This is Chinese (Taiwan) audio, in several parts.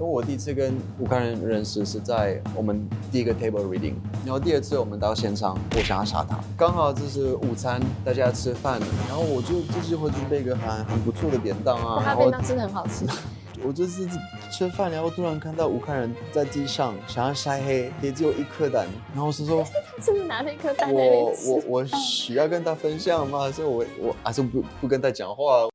因為我第一次跟吳慷仁認識是在我們第一個 table reading，然後第二次，我們到現場，我想要殺他，剛好這是午餐，大家吃飯，然後我就自己會準備一個很很不錯的便當啊，我便當真的很好吃。 我就是吃飯，然後突然看到吳慷仁在地上想要曬黑，也只有一顆蛋，然後是說，說，是不是拿了一顆蛋我？我我我需要跟他分享嗎？還是我我還是不不跟他講話？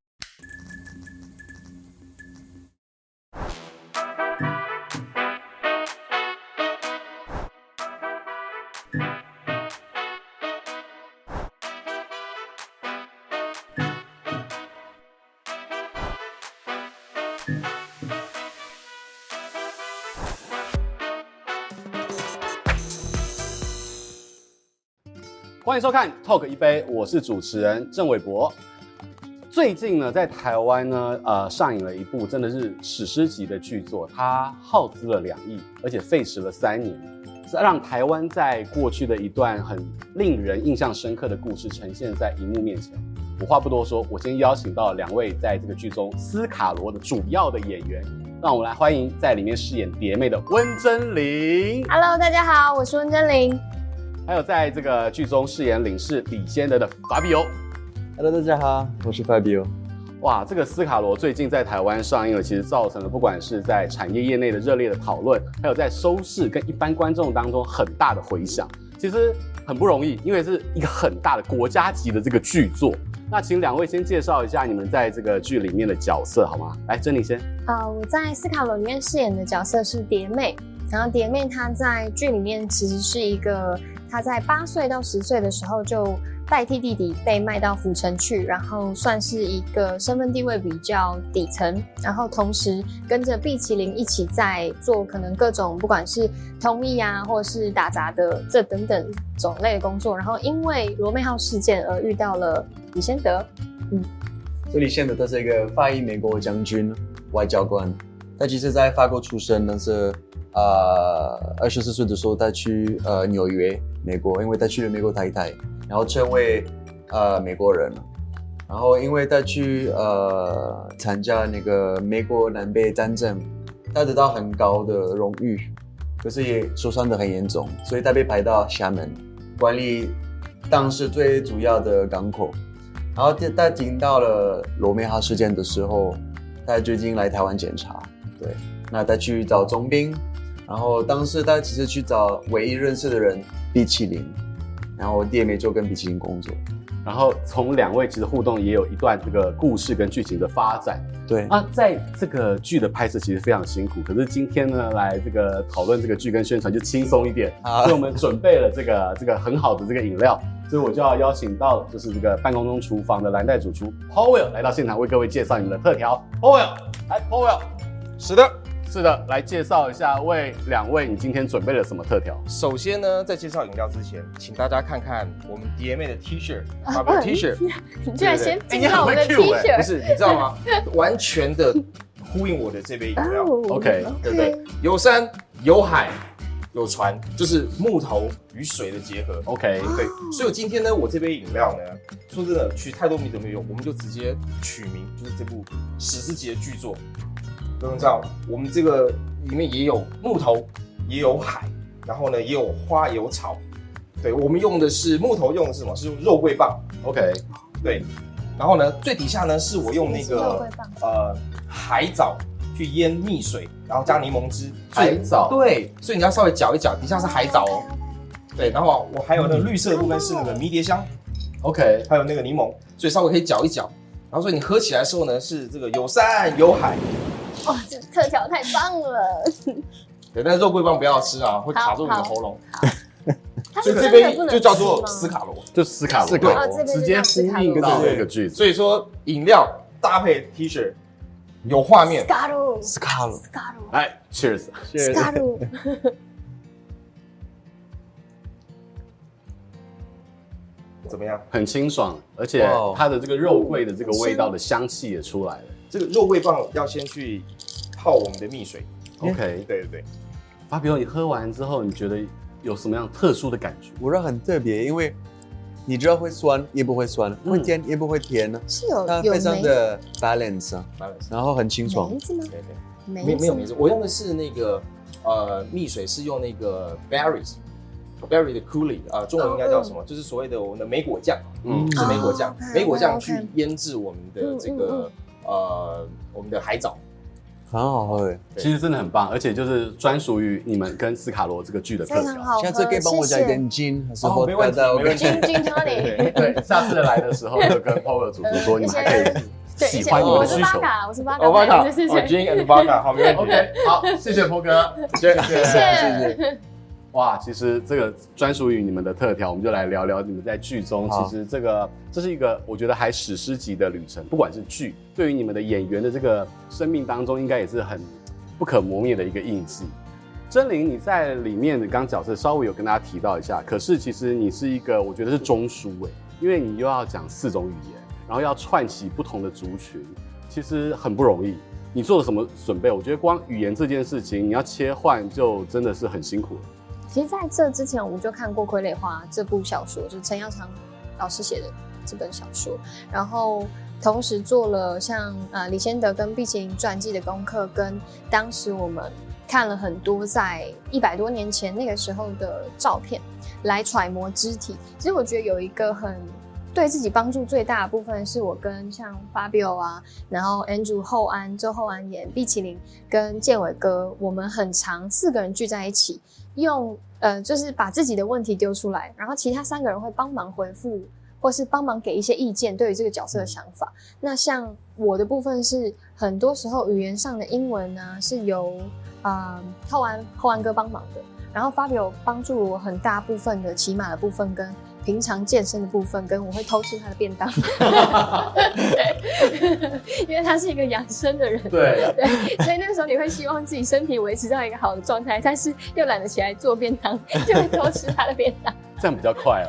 歡迎收看《Talk 一杯》，我是主持人鄭偉柏。最近呢，在台灣呢，呃，上映了一部真的是史詩級的巨作，它耗資了兩億，而且費時了三年，這讓台灣在過去的一段很令人印象深刻的故事呈現在熒幕面前。我話不多說，我先邀請到兩位在這個劇中斯卡羅的主要的演員，讓我們來歡迎在裡面飾演蝶妹的溫貞菱。Hello，大家好，我是溫貞菱。還有，在這個劇中飾演領事李仙得的法比歐，Hello，大家好，我是法比歐。哇，這個斯卡羅最近在台灣上映了，其實造成了不管是在產業業內的熱烈的討論，還有在收視跟一般觀眾當中很大的迴響。其實很不容易，因為是一個很大的國家級的這個劇作。那請兩位先介紹一下你們在這個劇裡面的角色好嗎？來，貞菱先。呃，我在斯卡羅裡面飾演的角色是蝶妹，然後蝶妹她在劇裡面其實是一個。他在八歲到十歲的時候就代替弟弟被賣到府城去，然後算是一個身份地位比較底層，然後同時跟着必麒麟一起在做可能各種不管是通譯啊，或者是打雜的這等等種類的工作，然後因為羅妹號事件而遇到了李仙得，嗯，這李仙得他是一個法裔美國將軍外交官，他其實在法國出生，但是啊二十四歲的時候他去呃紐約。美國，因為他去了美國太太，然後成為，呃，美國人，然後因為他去呃參加那個美國南北戰爭，他得到很高的榮譽，可是也受傷的很嚴重，所以他被派到廈門管理當時最主要的港口，然後在聽到了羅妹號事件的時候，他最近來台灣檢查，對，那他去找總兵，然後當時他只是去找唯一認識的人。冰淇淋，然後蝶妹就跟冰淇淋工作，然後從兩位其實互動也有一段這個故事跟劇情的發展。對，那、啊、在這個劇的拍攝其實非常辛苦，可是今天呢來這個討論這個劇跟宣傳就輕鬆一點，嗯啊、所以我們準備了這個 這個很好的這個飲料，所以我就要邀請到就是這個辦公中廚房的藍帶主廚 Paul 來到現場為各位介紹你們的特調 Paul、嗯、來 Paul，是的。是的，來介紹一下，為兩位，你今天準備了什麼特調？首先呢，在介紹飲料之前，請大家看看我們蝶妹的 T 恤。T 恤，你居然先提到我的 T 恤。不是，你知道嗎？完全的呼應我的這杯飲料 ，OK，對不對？有山有海有船，就是木頭與水的結合，OK，、啊、對。所以我今天呢，我這杯飲料呢，說真的，取太多名都沒有用，我們就直接取名，就是這部史詩級的巨作。不用知道，我們這個裡面也有木頭，也有海，然後呢也有花也有草。對，我們用的是木頭，用的是什麼？是用肉桂棒。嗯、OK。對，然後呢，最底下呢是我用那個是是肉桂棒呃海藻去醃蜜水，然後加檸檬汁。海藻。以對，所以你要稍微攪一攪，底下是海藻。哦。對，然後、啊、我還有那個綠色的部分是那個迷迭香。嗯、OK，還有那個檸檬，所以稍微可以攪一攪。然後所以你喝起來的時候呢是這個有山有海。哇，這特調太棒了！對，但是肉桂棒不要吃啊，會卡住你的喉嚨。所以這邊就叫做斯卡羅，就斯卡羅，直接呼應到這個句子。所以說，飲料搭配 T 恤有畫面，斯卡羅，斯卡羅，斯卡羅。哎，Cheers，斯卡羅。怎麼樣？很清爽，而且它的這個肉桂的這個味道的香氣也出來了。這個肉桂棒要先去泡我們的蜜水。OK，對對對。法比歐，你喝完之後，你覺得有什麼樣特殊的感覺？我覺得很特別，因為你知道會酸，也不會酸；會甜，也不會甜呢。是有有梅它非常的 balance，balance，然後很清爽。梅子嗎？沒沒有名字，我用的是那個呃蜜水，是用那個 berries，berries 的 coulis，啊，中文應該叫什麼？就是所謂的我們的莓果醬，嗯，是莓果醬，莓果醬去醃制我們的這個。呃，我們的海藻很好喝，其實真的很棒，而且就是專屬於你們跟斯卡羅這個劇的特色。下次可以幫我加一點 Gin，沒問題，我跟 Gin 對，下次來的時候就跟 Paul 哥，組組說，你們還可以喜歡你們的需求。我是巴卡，我是巴卡，謝謝。哦，Gin and Barca，好，沒問題。OK，好，謝謝 Paul 哥，謝謝，謝謝，謝謝。哇，其實這個專屬於你們的特調，我們就來聊聊你們在劇中。好其實這個這是一個我覺得還史詩級的旅程，不管是劇對於你們的演員的這個生命當中，應該也是很不可磨滅的一個印記。貞菱，你在裡面的剛角色稍微有跟大家提到一下，可是其實你是一個我覺得是中樞誒、欸、因為你又要講四種語言，然後要串起不同的族群，其實很不容易。你做了什麼準備？我覺得光語言這件事情，你要切換就真的是很辛苦了。其實在這之前，我們就看過《傀儡花》這部小說，就是陳耀昌老師寫的這本小說。然後同時做了像呃李仙得跟必麒麟傳記的功課，跟當時我們看了很多在一百多年前那個時候的照片，來揣摩肢體。其實我覺得有一個很對自己幫助最大的部分，是我跟像 Fabio 啊，然後 Andrew 厚安周厚安演必麒麟跟健偉哥，我們很常四個人聚在一起。用呃，就是把自己的問題丟出來，然後其他三個人會幫忙回復，或是幫忙給一些意見，對於這個角色的想法。那像我的部分是，很多時候語言上的英文呢是由啊、呃、後安後安哥幫忙的，然後法比歐幫助我很大部分的騎馬的部分跟。平常健身的部分，跟我會偷吃他的便當， 因為他是一個養生的人，對，所以那個時候你會希望自己身體維持到一個好的狀態，但是又懶得起來做便當，就會偷吃他的便當， 這樣比較快啊。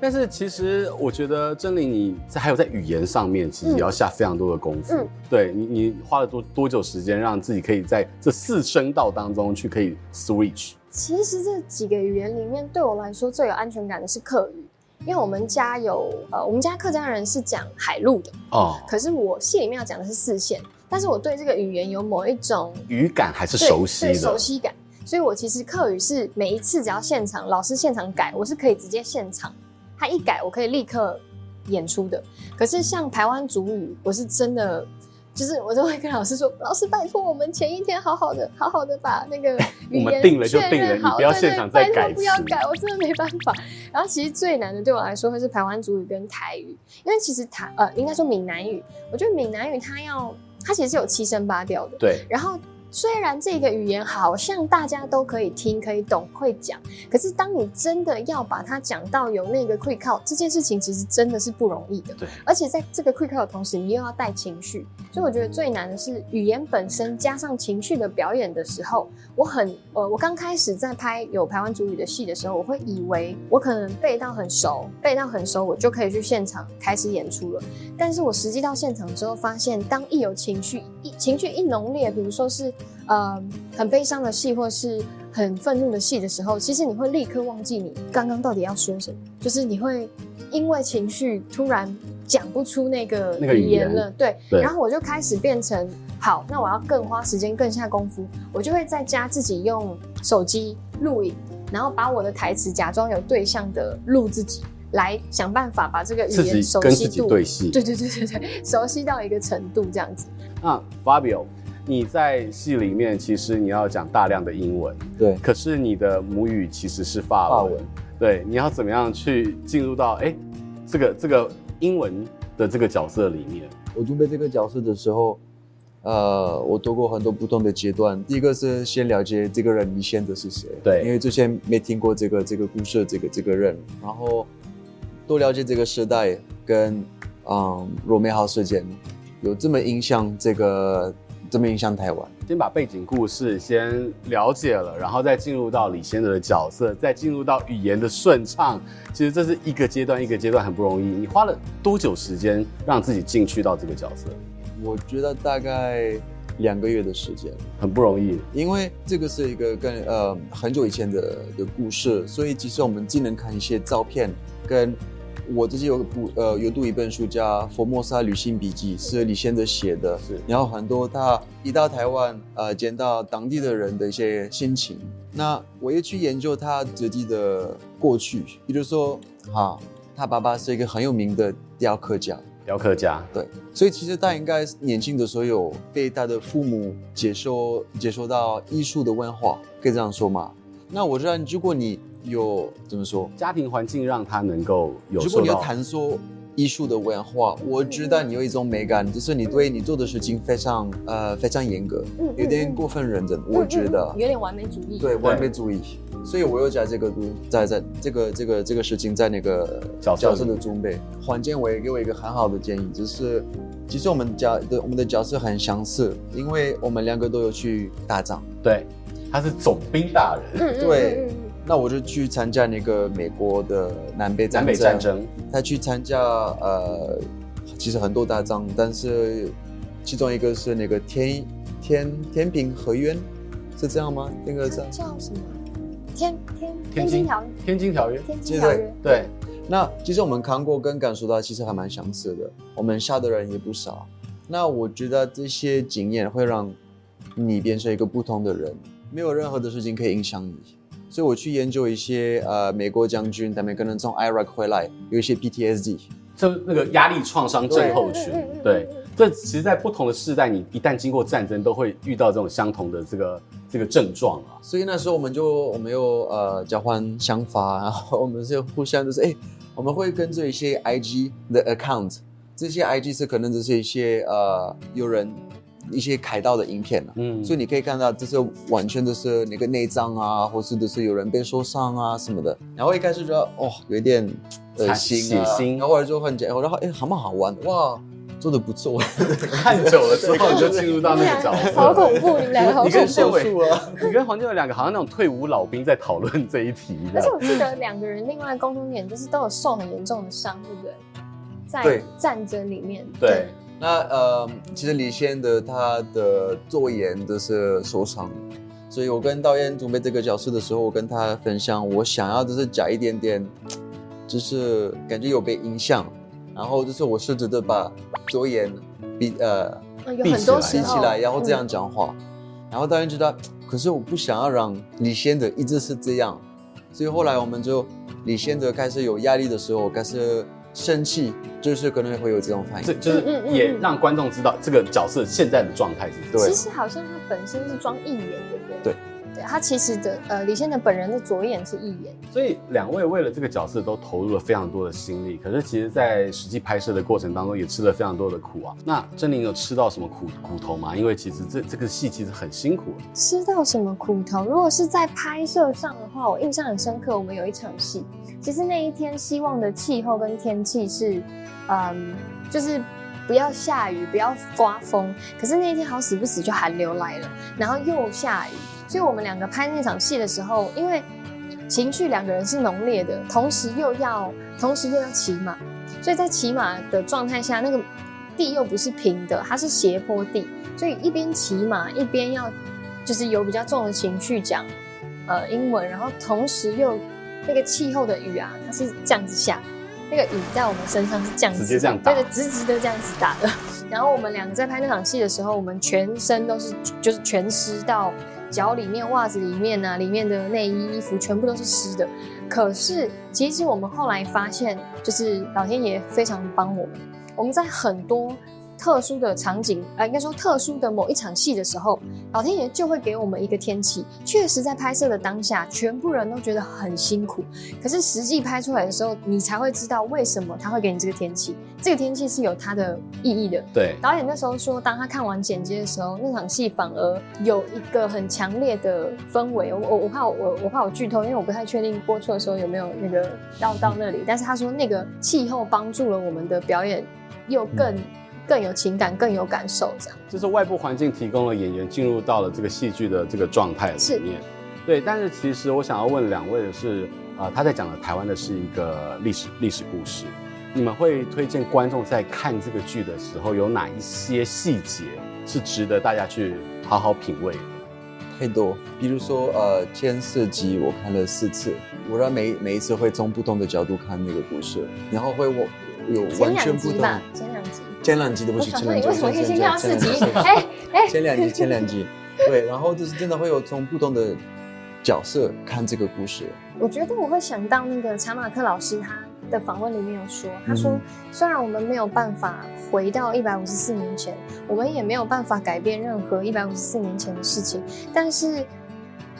但是其實我覺得貞菱，你還有在語言上面，其實也要下非常多的功夫。對你，你花了多多久時間，讓自己可以在這四聲道當中去可以 switch。其實這幾個語言裡面，對我來說最有安全感的是客語，因為我們家有，呃，我們家客家人是講海陸的哦。可是我戲裡面要講的是四縣，但是我對這個語言有某一種語感還是熟悉的熟悉感。所以我其實客語是每一次只要現場老師現場改，我是可以直接現場，他一改我可以立刻演出的。可是像台灣族語，我是真的。就是我都會跟老師說，老師拜託我們前一天好好的、好好的把那個語言確認好，哎、我們定了就定了，你不要現場再改。對對，不要改，我真的沒辦法。然後其實最難的對我來說，會是台灣族語跟台語，因為其實台呃應該說閩南語，我覺得閩南語它要它其實是有七聲八調的，對，然後。雖然這個語言好像大家都可以聽、可以懂、會講，可是當你真的要把它講到有那個 quick call 這件事情，其實真的是不容易的。對，而且在這個 quick call 的同時，你又要帶情緒，所以我覺得最難的是語言本身加上情緒的表演的時候。我很呃，我剛開始在拍有台灣族語的戲的時候，我會以為我可能背到很熟，背到很熟，我就可以去現場開始演出了。但是我實際到現場之後，發現當一有情緒，一情緒一濃烈，比如說是。嗯，很悲傷的戲，或是很憤怒的戲的時候，其實你會立刻忘記你剛剛到底要說什麼，就是你會因為情緒突然講不出那個語言了。言。對，對。然後我就開始變成好，那我要更花時間、更下功夫，我就會在家自己用手機錄影，然後把我的台詞假裝有對象的錄自己，來想辦法把這個語言熟悉度、自己對戲，對對對對對，熟悉到一個程度這樣子。啊 Fabio、嗯。發表你在戲裡面，其實你要講大量的英文，對。可是你的母語其實是法文，法文對。你要怎麼樣去進入到哎、欸，這個這個英文的這個角色裡面？我準備這個角色的時候，呃，我走過很多不同的階段。第一個是先了解這個人，李仙得是誰？對。因為之前沒聽過這個這個故事的這個這個人，然後多了解這個時代跟嗯羅妹號事件有這麼影響這個。這邊印象太晚，先把背景故事先了解了，然後再進入到李仙得的角色，再進入到語言的順暢。其實這是一個階段一個階段，很不容易。你花了多久時間讓自己進去到這個角色？我覺得大概兩個月的時間，很不容易，因為這個是一個跟呃很久以前的的故事，所以其實我們只能看一些照片跟。我自己有讀呃有讀一本書叫《佛莫沙旅行筆記》，是李仙得寫的。是，然後很多他一到台灣，呃，見到當地的人的一些心情。那我也去研究他自己的過去，比如說，哈、啊，他爸爸是一個很有名的雕刻家。雕刻家，對。所以其實他應該年輕的時候有被他的父母接受，接受到藝術的文化，可以這樣說嗎？那我知道，如果你。有怎麼說？家庭環境讓他能夠有。如果你要談說藝術的文化，嗯、我知道你有一種美感，就是你對你做的事情非常呃非常嚴格，嗯、有點過分認真。嗯、我覺得有點、嗯嗯、完美主義。對，完美主義。對所以我又在這個在在，在這個這個、這個、這個事情在那個角色的角色的準備。黃健瑋給我一個很好的建議，就是其實我們角我們的角色很相似，因為我們兩個都有去打仗。對，他是總兵大人。嗯、對。嗯那我就去參加那個美國的南北南北戰爭，他去參加呃，其實很多大仗，但是其中一個是那個天《天天天平合約》，是這樣嗎？那個叫叫什麼？天《天天金天津條約》對？天津條約。對對對。對那其實我們看過跟感受到其實還蠻相似的，我們嚇的人也不少。那我覺得這些經驗會讓你變成一個不同的人，沒有任何的事情可以影響你。所以我去研究一些呃美國將軍，他們可能從 Iraq 回來，有一些 PTSD 就那個壓力創傷症候群。對,對，這其實在不同的世代，你一旦經過戰爭，都會遇到這種相同的這個這個症狀啊。所以那時候我們就我們又呃交換想法，然後我們就互相就是哎、欸，我們會跟着一些 IG 的 account，這些 IG 是可能只是一些呃有人。一些開刀的影片、啊、嗯，所以你可以看到，就是完全都是那個內臟啊，或是都是有人被受傷啊什麼的。然後一開始就覺得哦，有一點噁心啊，啊腥心。然後後來就換角以然後哎，好不好玩，哇，做得不錯。 看久了之後你就進入到那個角色， 好恐怖，你們兩個好恐怖。你跟黃健瑋兩個好像那種退伍老兵在討論這一題。而且我記得兩個人另外共同點就是都有受很嚴重的傷，對不對？在戰爭裡面。對。對那呃，其實李仙得他的左眼都是受傷，所以我跟導演準備這個角色的時候，我跟他分享，我想要就是假一點點，就是感覺有被影響。然後就是我試着的把左眼閉呃閉起來，閉起來，然後這樣講話。嗯、然後導演覺得，可是我不想要讓李仙得一直是這樣，所以後來我們就李仙得開始有壓力的時候，開始。生氣就是可能會有這種反應，就是也讓觀眾知道這個角色現在的狀態是。對，其實好像他本身是裝義眼，對不對？對。他其實的呃，李仙得本人的左眼是義眼，所以兩位為了這個角色都投入了非常多的心力。可是其實，在實際拍攝的過程當中，也吃了非常多的苦啊。那貞菱有吃到什麼苦苦頭嗎？因為其實這這個戲其實很辛苦啊。吃到什麼苦頭？如果是在拍攝上的話，我印象很深刻。我們有一場戲，其實那一天希望的氣候跟天氣是，嗯，就是不要下雨，不要刮風。可是那一天好死不死就寒流來了，然後又下雨。所以我們兩個拍那場戲的時候，因為情緒兩個人是濃烈的，同時又要同時又要騎馬，所以在騎馬的狀態下，那個地又不是平的，它是斜坡地，所以一邊騎馬一邊要就是有比較重的情緒講，呃，英文，然後同時又那個氣候的雨啊，它是這樣子下，那個雨在我們身上是這樣子的，直接這樣打的，對，直直的這樣子打的。然後我們兩個在拍那場戲的時候，我們全身都是就是全濕到。腳裡面、襪子裡面吶、啊，裡面的內衣、衣服全部都是濕的。可是，其實我們後來發現，就是老天爺非常幫我們，我們在很多特殊的場景，呃，應該說特殊的某一場戲的時候，老天爺就會給我們一個天氣。確實在拍攝的當下，全部人都覺得很辛苦，可是實際拍出來的時候，你才會知道為什麼他會給你這個天氣。這個天氣是有它的意義的。對，導演那時候說，當他看完剪接的時候，那場戲反而有一個很強烈的氛圍。我我我怕我我，我怕我劇透，因為我不太確定播出的時候有沒有那個到到那裡。但是他說那個氣候幫助了我們的表演，又更、嗯。更有情感，更有感受，這樣就是外部環境提供了演員進入到了這個戲劇的這個狀態裡面。是對，但是其實我想要問兩位的是，啊、呃，他在講的台灣的是一個歷史歷史故事，你們會推薦觀眾在看這個劇的時候，有哪一些細節是值得大家去好好品味？太多，比如說呃，前四集我看了四次，我讓每每一次會從不同的角度看那個故事，然後會我有完全不同。前兩集，前兩集。前兩集都不是前兩集，前兩集哎哎，前兩集前兩集， 對，然後就是真的會有從不同的角色看這個故事。我覺得我會想到那個查馬克老師，他的訪問裡面有說，他說、嗯、雖然我們沒有辦法回到一百五十四年前，我們也沒有辦法改變任何一百五十四年前的事情，但是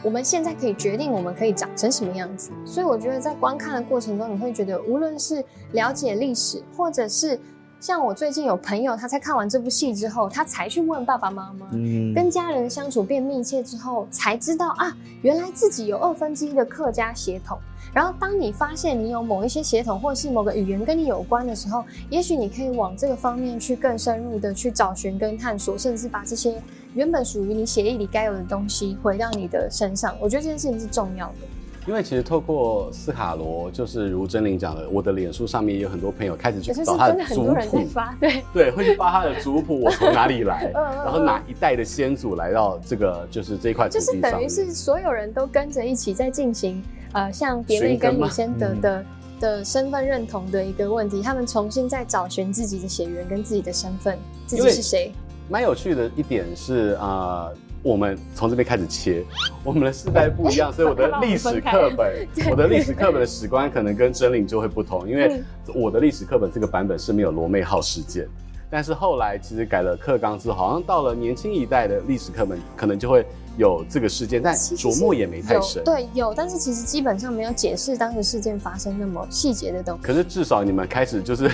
我們現在可以決定我們可以長成什麼樣子。所以我覺得在觀看的過程中，你會覺得無論是了解歷史，或者是。像我最近有朋友，他在看完這部戲之後，他才去問爸爸媽媽，嗯，跟家人相處變密切之後，才知道啊，原來自己有二分之一的客家血統。然後當你發現你有某一些血統，或是某個語言跟你有關的時候，也許你可以往這個方面去更深入的去找尋跟探索，甚至把這些原本屬於你血液裡該有的東西回到你的身上。我覺得這件事情是重要的。因為其實透過斯卡羅，就是如貞菱講的，我的臉書上面有很多朋友開始去找他的族譜，對對，會發他的族譜， 我從哪裡來， 呃、然後哪一代的先祖來到這個就是這一塊土地上，就是等於是所有人都跟着一起在進行呃，像蝶妹跟李仙得的、嗯、的身份認同的一個問題，他們重新在找尋自己的血緣跟自己的身份，為自己是誰。蠻有趣的一點是、呃我們從這邊開始切，我們的世代不一樣，所以我的歷史課本， 我,我的歷史課本的史觀可能跟貞菱就會不同，因為我的歷史課本這個版本是沒有羅妹號事件，但是後來其實改了課綱之後，好像到了年輕一代的歷史課本，可能就會有這個事件，但琢磨也沒太深，對，有，但是其實基本上沒有解釋當時事件發生那麼細節的東西。可是至少你們開始就是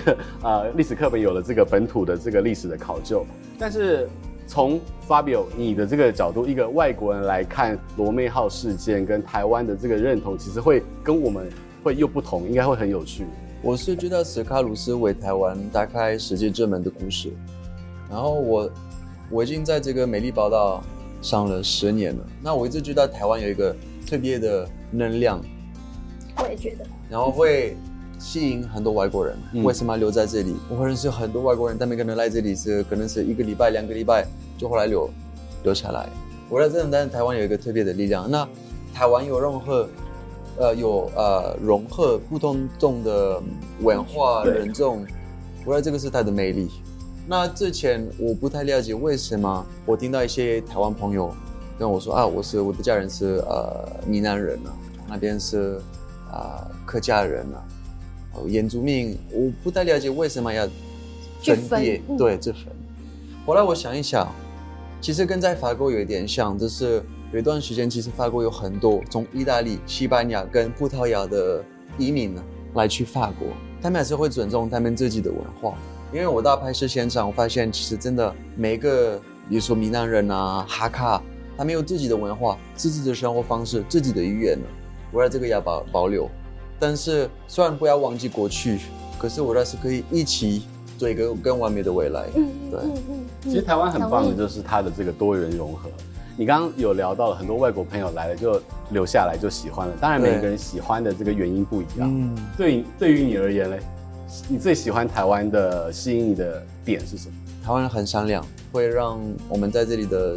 呃，歷史課本有了這個本土的這個歷史的考究，但是。從法比歐，你的這個角度，一個外國人來看羅妹號事件跟台灣的這個認同，其實會跟我們會又不同，應該會很有趣。我是知道斯卡羅是為台灣打開世界之門的故事，然後我我已經在這個美麗寶島上了十年了，那我一直覺得台灣有一個特別的能量，我也覺得，然後會。吸引很多外國人。嗯、為什麼留在這裡？我認識很多外國人，但他們可能來這裡是可能是一個禮拜、兩個禮拜，就後來留，留下來。我在這種，但是台灣有一個特別的力量，那台灣有融合、呃，有呃融合不同種的文化對人種。我在這個是它的魅力。那之前我不太了解，為什麼我聽到一些台灣朋友跟我說啊，我是我的家人是呃閩南人啊，那邊是，呃、客家人啊。眼族命，我不太了解，為什麼要分裂，嗯、對這墳，後來我想一想，其實跟在法國有一點像，就是有一段時間，其實法國有很多從意大利、西班牙跟葡萄牙的移民來去法國，他們還是會尊重他們自己的文化。因為我到拍攝現場，我發現其實真的每個，比如說閩南人啊、哈卡，他們有自己的文化、自己的生活方式、自己的語言呢，我來這個要保保留。但是雖然不要忘記過去，可是我還是可以一起做一個更完美的未來。嗯，對，其實台灣很棒的就是它的這個多元融合。你剛剛有聊到了很多外國朋友來了就留下來就喜歡了，當然每個人喜歡的這個原因不一樣。嗯對，對，對於你而言嘞，你最喜歡台灣的吸引你的點是什麼？台灣人很善良，會讓我們在這裡的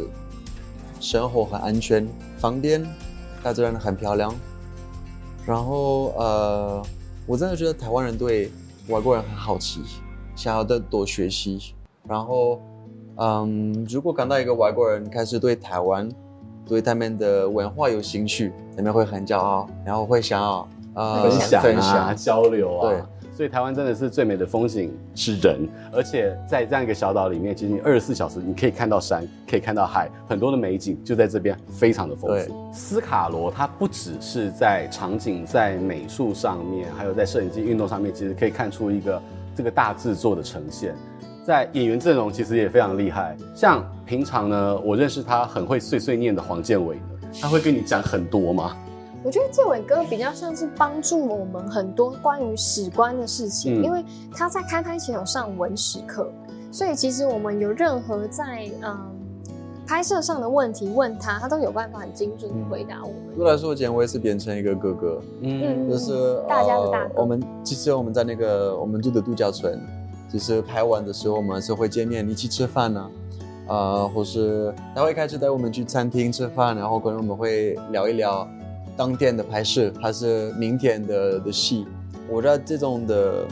生活很安全、方便，大自然很漂亮。然後，呃，我真的覺得台灣人對外國人很好奇，想要的多學習。然後，嗯，如果看到一個外國人開始對台灣、對他們的文化有興趣，他們會很驕傲，然後會想要、呃、想啊，分享啊，交流啊。對。所以台灣真的是最美的風景人是人，而且在這樣一個小島裡面，其實你二十四小時你可以看到山，可以看到海，很多的美景就在這邊，非常的豐富。對斯卡羅它不只是在場景、在美術上面，還有在攝影機運動上面，其實可以看出一個這個大制作的呈現。在演員陣容其實也非常厲害，像平常呢我認識他很會碎碎念的黃健瑋，他會跟你講很多嗎？我覺得這位哥比較像是幫助我們很多關於史觀的事情，嗯、因為他在開拍前有上文史課，所以其實我們有任何在嗯、呃、拍攝上的問題問他，他都有辦法很精準地回答我們。對、嗯、我來說，建偉是變成一個哥哥，嗯，就是、嗯呃、大家的大哥。我們其實我們在那個我們住的度假村，其實拍完的時候我們還是會見面一起吃飯呢、啊，呃，或是他會開車帶我們去餐廳吃飯，然後可能我們會聊一聊。當天的拍攝還是明天的的戲，我知道這種的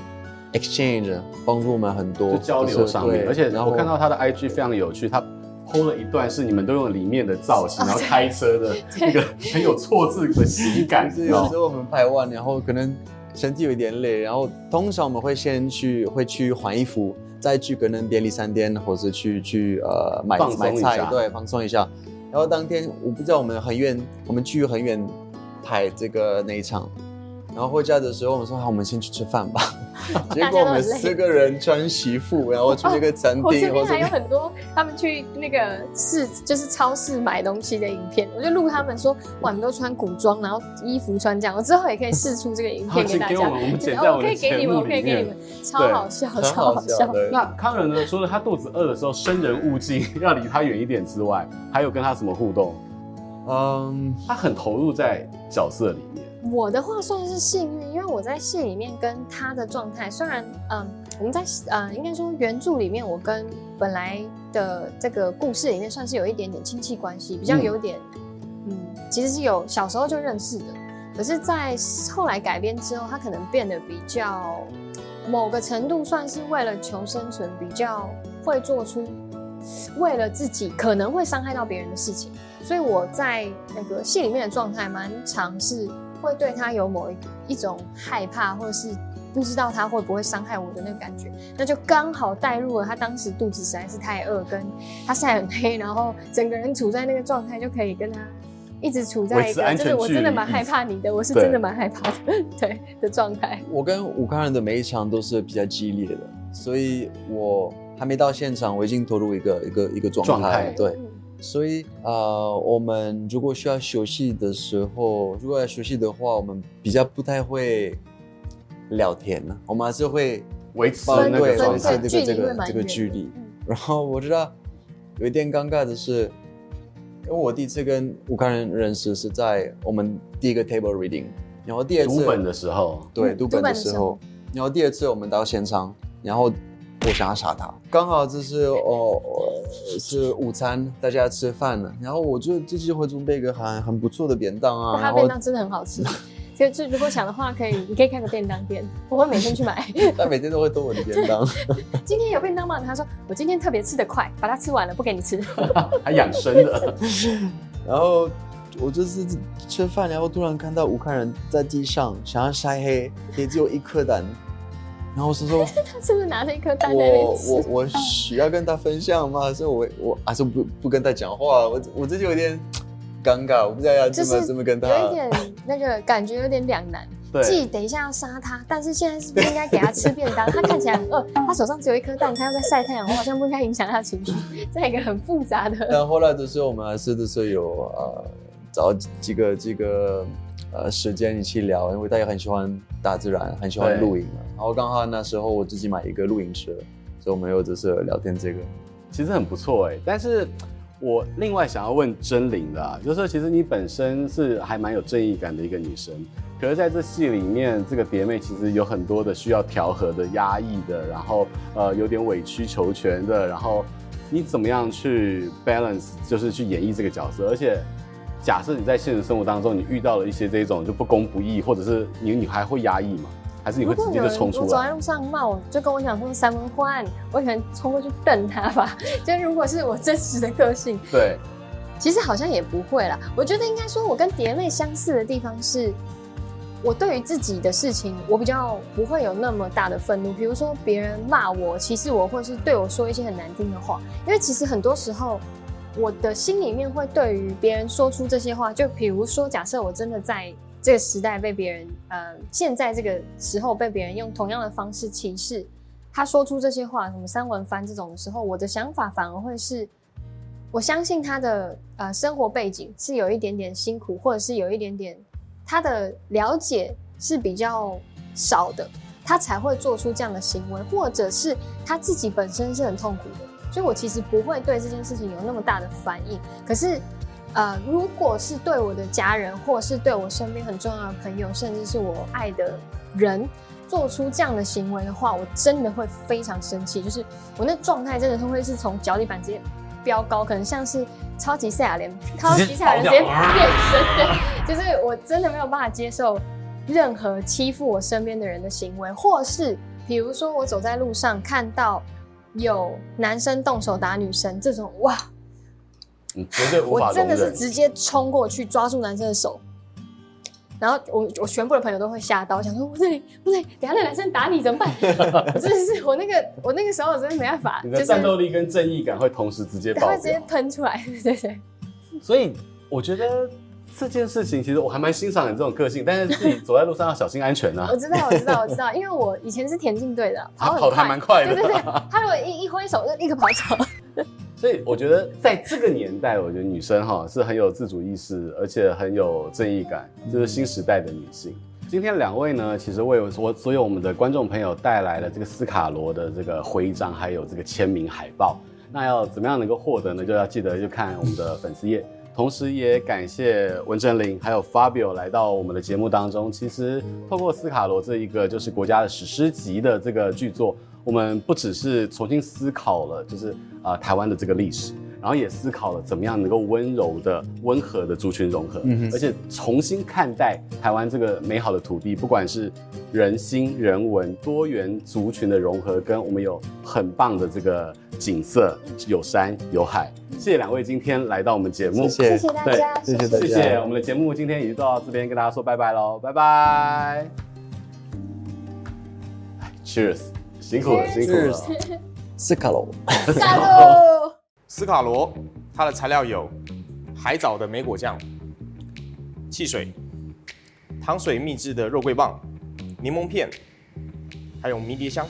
exchange 幫助我們很多，交流上面。而且然後，然後我看到他的 IG 非常有趣，他 PO 了一段是你們都用裡面的造型，啊、然後開車的一個很有錯字的喜感。是有時候我們拍完，然後可能身體有一點累，然後通常我們會先去會去換衣服，再去可能便利商店或者去去呃買買菜，對，放鬆一下。然後當天我不知道我們很遠，我們去很遠。拍這個那一場，然後回家的時候，我們說好，我們先去吃飯吧。結果我們四個人穿戲服，然後去這個餐廳。我這邊還有很多他們去那個市，就是超市買東西的影片，我就錄他們說我們都穿古裝，然後衣服穿這樣，之後也可以試出這個影片給大家。我可以給你們，我可以給你們，超好笑，超好笑。那慷仁呢？除了他肚子餓的時候生人勿近，要離他遠一點之外，還有跟他什麼互動？嗯，um, 他很投入在角色裡面。我的話算是幸運，因為我在戲裡面跟他的狀態，雖然嗯，我們在呃，嗯，應該說原著裡面，我跟本來的這個故事裡面算是有一點點親戚關係，比較有點嗯，嗯，其實是有小時候就認識的。可是，在後來改編之後，他可能變得比較某個程度，算是為了求生存，比較會做出為了自己可能會傷害到別人的事情。所以我在那個戲裡面的狀態蠻常，是會對他有某一一種害怕，或者是不知道他會不會傷害我的那個感覺，那就剛好帶入了他當時肚子實在是太餓，跟他曬很黑，然後整個人處在那個狀態，就可以跟他一直處在，一個，就是我真的蠻害怕你的，我是真的蠻害怕的，對， 對的狀態。我跟吳慷仁的每一場都是比較激烈的，所以我還沒到現場，我已經投入一個一個一個狀態，對。嗯所以，呃，我們如果需要休息的時候，如果要休息的話，我們比較不太會聊天呢。我們還是會維持那個狀態，這個這個、這個、這個距離。然後我知道有一點尷尬的是，因為我第一次跟吳慷仁認識是在我們第一個 table reading，然後第二次讀本的時候，對、嗯、讀本的時候，時候，然後第二次我們到現場，然後。我想要殺他，剛好就是哦、哦是午餐，大家要吃飯了，然後我就自己會準備一個很很不錯的便當啊。他便當真的很好吃，所以說如果想的話，可以 你可以開個便當店，我會每天去買。他 每天都會多我的便當，就是。今天有便當嗎？他說我今天特別吃得快，把它吃完了，不給你吃。 還養生的。 然後我就是吃飯，然後突然看到吳慷仁在地上想要曬黑，也只有一顆蛋。然後是說，說， 他是不是拿着一顆蛋在那裡吃我？我我需要跟他分享嗎？還是、哦、我我還是、啊、不不跟他講話？我我這就有點尷尬，我不知道要怎麼怎、就是、麼跟他。有一點那個感覺有點兩難，自己對等一下要殺他，但是現在是不是應該給他吃便當？ 他看起來很餓、呃，他手上只有一顆蛋，他要在曬太陽。我好像不應該影響他情緒，這樣一個很複雜的。但後來的時候，我們還是就是有呃找幾個這個呃時間一起聊，因為大家很喜歡大自然，很喜歡露營啊。然後剛好那時候我自己買一個露營車，所以我們又只是聊天這個，其實很不錯哎、欸。但是我另外想要問貞菱的，就是說其實你本身是還蠻有正義感的一個女生，可是在這戲裡面，這個蝶妹其實有很多的需要調和的壓抑的，然後呃有點委曲求全的，然後你怎麼樣去 balance 就是去演繹這個角色？而且假設你在現實生活當中你遇到了一些這種就不公不義，或者是你還會壓抑嗎？還是你會直接就衝出來？如果有人我走在路上罵，就跟我講說三分歡，我可能衝過去瞪他吧。就如果是我真實的個性，對，其實好像也不會啦。我覺得應該說，我跟蝶妹相似的地方是，我對於自己的事情，我比較不會有那麼大的憤怒。比如說別人罵我，歧視我或者是對我說一些很難聽的話，因為其實很多時候我的心裡面會對於別人說出這些話。就比如說，假設我真的在。這個時代被別人呃，現在這個時候被別人用同樣的方式歧視，他說出這些話，什麼三文翻這種的時候，我的想法反而會是，我相信他的呃生活背景是有一點點辛苦，或者是有一點點他的了解是比較少的，他才會做出這樣的行為，或者是他自己本身是很痛苦的，所以我其實不會對這件事情有那麼大的反應，可是。呃，如果是對我的家人，或是對我身邊很重要的朋友，甚至是我愛的人，做出這樣的行為的話，我真的會非常生氣。就是我那狀態真的是會是從腳底板直接飆高，可能像是超級賽亞人，超級賽亞人直接變身。啊、 就是我真的沒有辦法接受任何欺負我身邊的人的行為，或是比如說我走在路上看到有男生動手打女生這種，哇。嗯、我真的是直接衝過去抓住男生的手，然後我我全部的朋友都會嚇到，想說我：我這裡不對，等下那男生打你怎麼辦？不是、 就是，我那個我那個時候我真的沒辦法，你的戰鬥力跟正義感會同時直接爆發，他會直接噴出來。對對對，所以我覺得這件事情其實我還蠻欣賞你這種個性，但是自己走在路上要小心安全啊！ 我知道，我知道，我知道，因為我以前是田徑隊的，跑、啊、跑得還蠻快的。對對對，他如果一一揮手，就立刻跑走。 所以我覺得，在這個年代，我覺得女生哈是很有自主意識，而且很有正義感，就是新時代的女性。今天兩位呢，其實為我所有我們的觀眾朋友帶來了這個斯卡羅的這個徽章，還有這個簽名海報。那要怎麼樣能夠獲得呢？就要記得去看我們的粉絲頁。同時，也感謝溫貞菱還有 Fabio 來到我們的節目當中。其實，透過斯卡羅這一個就是國家的史詩級的這個劇作。我們不只是重新思考了，就是啊、呃、台灣的這個歷史，然後也思考了怎麼樣能夠溫柔的、溫和的族群融合，嗯哼，而且重新看待台灣這個美好的土地，不管是人心、人文、多元族群的融合，跟我們有很棒的這個景色，有山有海。嗯、哼謝謝兩位今天來到我們節目，謝謝，對謝謝大家，對謝謝大家，謝謝我們的節目，今天也到這邊跟大家說拜拜嘍，拜拜，Cheers。辛苦了，辛苦了！斯卡羅，斯卡羅，斯卡羅，它的材料有海藻的莓果醬、汽水、糖水秘製的肉桂棒、檸檬片，還有迷迭香。